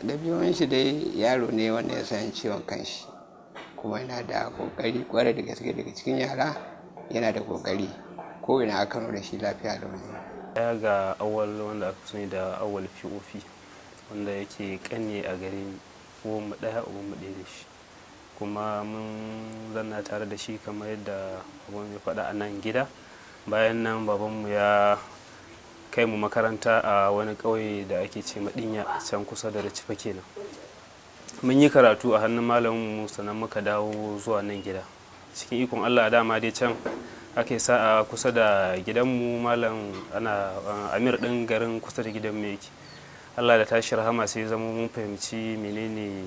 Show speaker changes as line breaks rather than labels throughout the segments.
ɗabi'un shi dai yaro ne wanda ya san ciwon kanshi kuma yana da kokari kwarai da gaske daga cikin yara yana da kokari ko ina aka da shi lafiya
da wani ya ga awal wanda aka sani da awal pop wanda yake kanye a gare ni ko mu ɗaya ko mu ɗaya da shi kuma mun zanna tare da shi kamar yadda abun ya faɗa a nan gida bayan nan mu ya kai mu makaranta a wani ƙauye da ake ce maɗinya can kusa da Racifa kenan mun yi karatu a hannun malamin mu sannan muka dawo zuwa nan gida cikin ikon Allah dama dai can aka sa a kusa da gidanmu malam ana amir ɗin garin kusa da gidan mu yake Allah da tashi rahama sai zama mun fahimci menene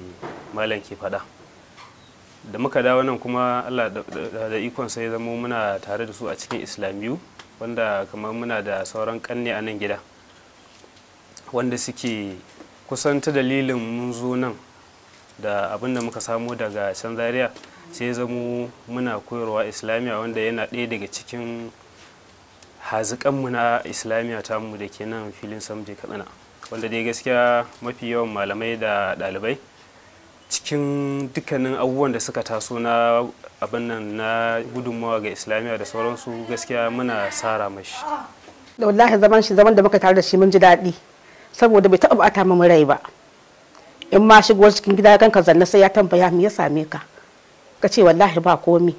malam ke faɗa da muka dawo nan kuma Allah da ikon sai zama muna tare da su a cikin islamiyu wanda kamar muna da sauran kanne a nan gida wanda suke kusan ta dalilin mun zo nan da abin da muka samo daga can zaria sai zamo muna koyarwa islamiyya wanda yana ɗaya daga cikin haziƙanmu na islamiyya mu da ke nan filin samje katsina wanda dai gaskiya mafi yawan malamai da ɗalibai cikin dukkanin abubuwan da suka taso na abin nan na gudunmawa ga islamiyya da sauransu gaskiya muna sara mashi
da wallahi zaman shi zaman da muka tare da shi mun ji daɗi saboda bai taɓa bata mu rai ba in ma shigowar cikin gida kan ka zanna sai ya tambaya me ya same ka ka ce wallahi ba komi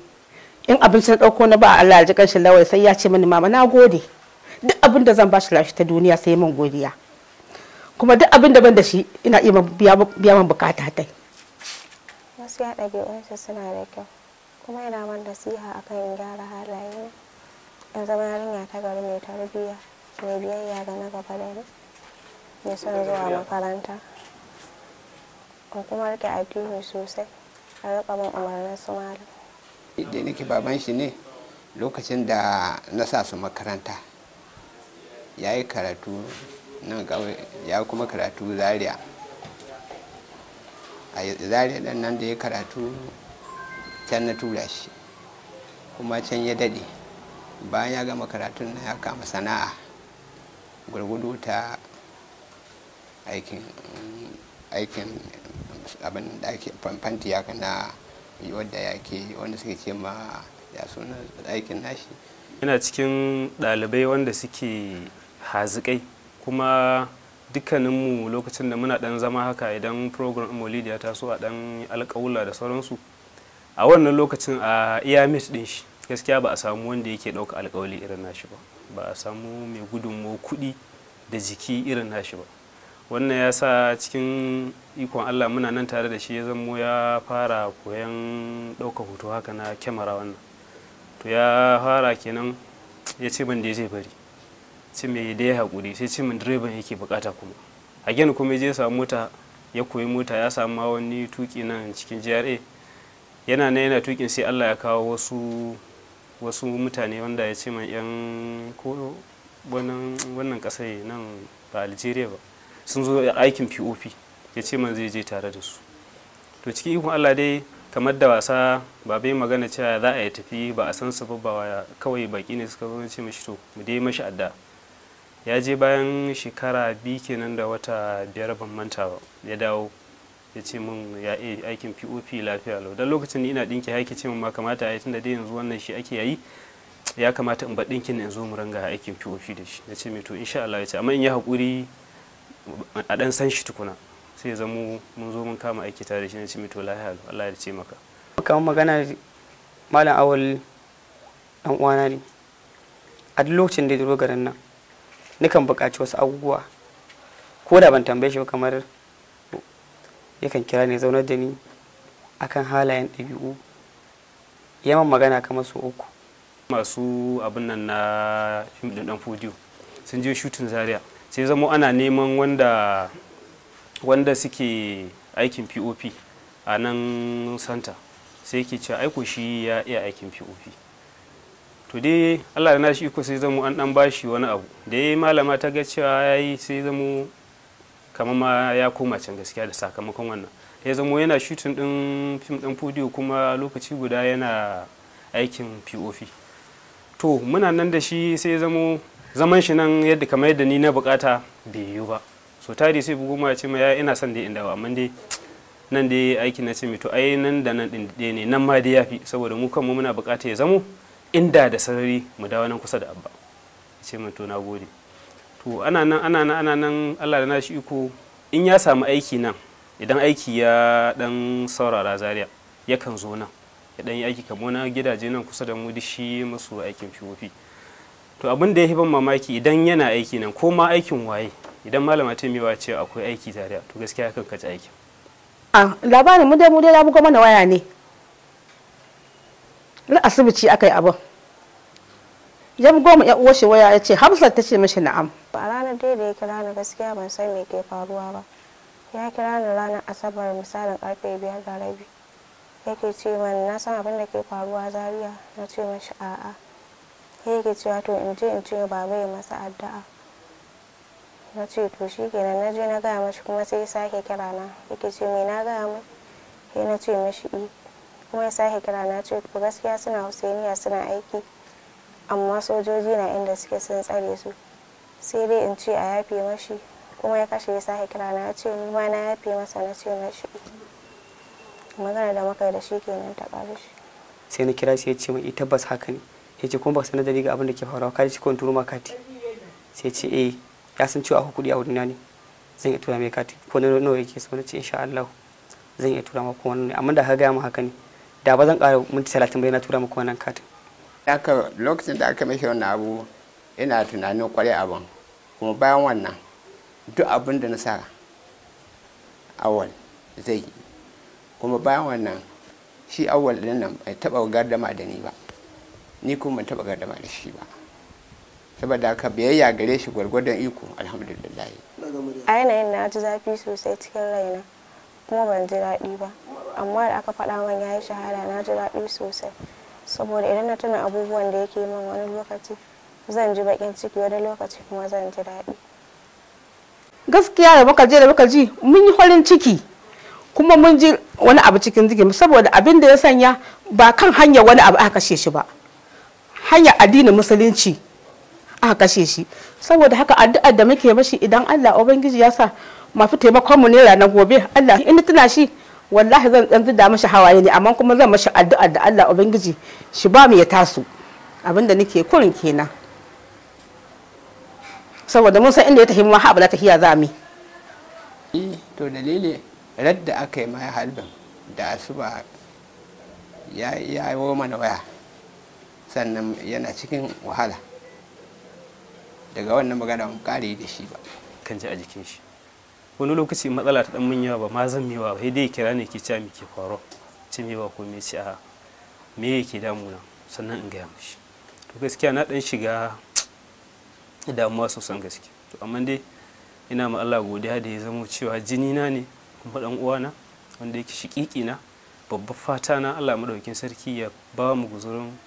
in abinci na ɗauko na ba Allah ji kan shi lawai sai ya ce mini mama na gode duk abin da zan bashi lafiya ta duniya sai mun godiya kuma duk abin da ban da shi ina iya biya man bukata tai
gaskiya ɗabi'unsa suna da kyau kuma yana man nasiha a kan gyara halaye in zama yarinya ta gari mai tarbiyya mai biyayya ga na gaba da ni mai son zuwa makaranta in kuma rike addini sosai a riƙa min umarnin su malam
da nake baban shi ne lokacin da na sa su makaranta ya yi karatu nan ya kuma karatu zaria a zare ɗan nan da ya karatu can na tura shi kuma can ya daɗe bayan ya gama karatun na ya kama sana'a gurgudu ta aikin aikin abin da ake fanti ya na wadda ya ke wanda suke ce ma ya suna aikin nashi
yana cikin ɗalibai wanda suke hazikai kuma dukkaninmu lokacin da muna dan zama haka idan program maulidi ya taso a dan alƙawula da sauransu a wannan lokacin a iya miss din shi gaskiya ba a samu wanda yake ɗauka alkawali irin nashi ba ba a samu mai gudunmo kuɗi da jiki irin nashi ba wannan ya sa cikin ikon allah muna nan tare da shi ya zamo ya fara koyan ɗauka hoto haka na kyamara wannan to ya fara kenan ya ce ban da zai bari ce mai da ya haƙuri sai ce min direban yake bukata kuma a gani kuma je samu mota ya koyi mota ya samu wani tuki nan cikin GRA yana na yana tukin sai Allah ya kawo wasu wasu mutane wanda ya ce man yan ko wannan wannan kasar nan ba Algeria ba sun zo aikin POP ya ce man zai je tare da su to cikin ikon Allah dai kamar da wasa ba bai magana cewa za a yi tafi ba a san su ba kawai baki ne suka zo ce mashi to mu dai mashi adda ya je bayan shekara biyu kenan da wata biyar ban manta ba ya dawo ya ce min ya eh, aikin pop lafiya lau don lokacin ina dinki ya ce min ma kamata a tunda dai yanzu wannan shi ake yayi ya kamata in ba dinkin yanzu mu ranga aikin pop da shi ya ce mai to insha Allah ya ce amma in yi haƙuri a dan san shi tukuna sai ya zamo mun zo mun kama aiki tare da shi na ce mai to lafiya lau Allah ya ce maka kamar magana malam awal dan uwana ne a duk lokacin da ya zo garin
nan nikan buƙaci wasu abubuwa ko da ban tambaye shi ba kamar yakan kira ne zaunar da ni akan halayen ɗabi'u
yaman magana kamar su uku masu abin nan na ɗan fudiyo sun je shutin zaria sai zamo ana neman wanda wanda suke aikin pop a nan santa sai ke ce aiko shi ya iya aikin pop to dai Allah da nashi iko sai zamu an dan bashi wani abu da yayi malama ta ga cewa yayi sai zamu kamar ma ya koma can gaskiya da sakamakon wannan ya zamo yana shooting din film din fudiyo kuma lokaci guda yana aikin p.o.f to muna nan da shi sai zamo zaman shi nan yadda kamar yadda ni na bukata bai yiwu ba so tari sai bugu ma ce ma ya ina son dai inda dawo amma dai nan dai aikin na ce mai to ai nan da nan din ne nan ma dai yafi saboda mu kanmu muna bukata ya zamo inda da sarari mu dawo nan kusa da abba ce min to na gode to ana nan ana nan ana nan Allah da nashi iko in ya samu aiki nan idan aiki ya dan saurara zaria yakan zo nan ya dan yi aiki kamar na gidaje nan kusa da mu shi musu aikin shofi to abin da ya ban mamaki idan yana aiki nan ko ma aikin waye idan malama ta miwa ce akwai aiki zaria to gaskiya kan kaci aiki.
a ah, labarin mu dai mu dai da buga mana waya ne na asibici aka yi abin ya goma ya uwa shi waya ya ce tace ta ce mashi na'am
ba ranar dai da ya kira ni gaskiya ban san me ke faruwa ba ya kira ni ranar asabar misalin karfe biyar da rabi yake ce na san abin da ke faruwa zaria na ce mashi a'a yake cewa to in je in ce ba bai masa addu'a na ce to shi kenan na je na gaya mashi kuma sai ya sake kira na yake ce me na gaya mai sai na ce mashi i eh. kuma ya sake kira na ce ku gaskiya suna husainiya suna aiki amma sojoji na inda suke sun tsare su sai dai in ce a yafe mashi kuma ya kashe ya sake kira na ce ni ma na yafe masa na ce mashi magana da muka da shi kenan ta ƙaru shi
sai na kira shi ya ce mai eh tabbas haka ne ya ce kuma ba sanar da ni ga abin da ke faruwa ka ji kawai turu ma kati sai ce eh ya san cewa akwai kuɗi a wurina ne zan iya tura mai kati ko nawa yake so na ce insha Allah zan iya tura ma kuma wani amma da ka gaya mu haka ne da ba zan ƙara minti talatin bai na tura maka wannan katin Daka lokacin da aka mashi wannan abu ina tunanin kwarai abin kuma bayan wannan duk abin da na sa awal zai yi kuma bayan wannan shi awal din nan bai taɓa gardama da ni ba ni kuma ban taɓa gardama da shi ba saboda haka biyayya gare shi gwargwadon iko alhamdulillah
a yanayin na ji zafi sosai cikin raina kuma ban ji daɗi ba amma da aka faɗa man ya yi shahara na ji daɗi sosai saboda idan na tuna abubuwan da yake min wani lokaci zan ji baƙin ciki wani lokaci kuma zan ji daɗi
gaskiya da muka je da muka ji mun yi farin ciki kuma mun ji wani abu cikin jikin saboda abin da ya sanya ba kan hanyar wani abu aka kashe shi ba hanyar addinin musulunci aka kashe shi saboda haka addu'ar da muke mashi idan Allah ubangiji ya sa mafi taimakon mu ne ranar gobe Allah in tuna shi wallahi zan dan zuda mashi hawaye ne amma kuma zan mashi addu'a da Allah ubangiji shi ba mu ya tasu abinda nake kurin kenan
saboda mun san inda ya tafi ma ha bala tahiya za mu e, to dalili radda aka yi mai halbin da asuba ya ya yi mana waya sannan yana cikin wahala
daga wannan magana mu kare da shi ba kan ji a jikin shi wani lokaci matsala ta dan mun yawa ba ma zan mewa sai dai kira ne ke cewa me ke faruwa ce mewa ko me ce a me yake damu damuna sannan in gaya mishi to gaskiya na dan shiga damuwa sosan gaske to amma dai ina ma Allah godiya da ya zamo cewa jini na ne kuma dan uwana wanda yake shikiki na babbar fata na Allah madaukin sarki ya ba mu guzurin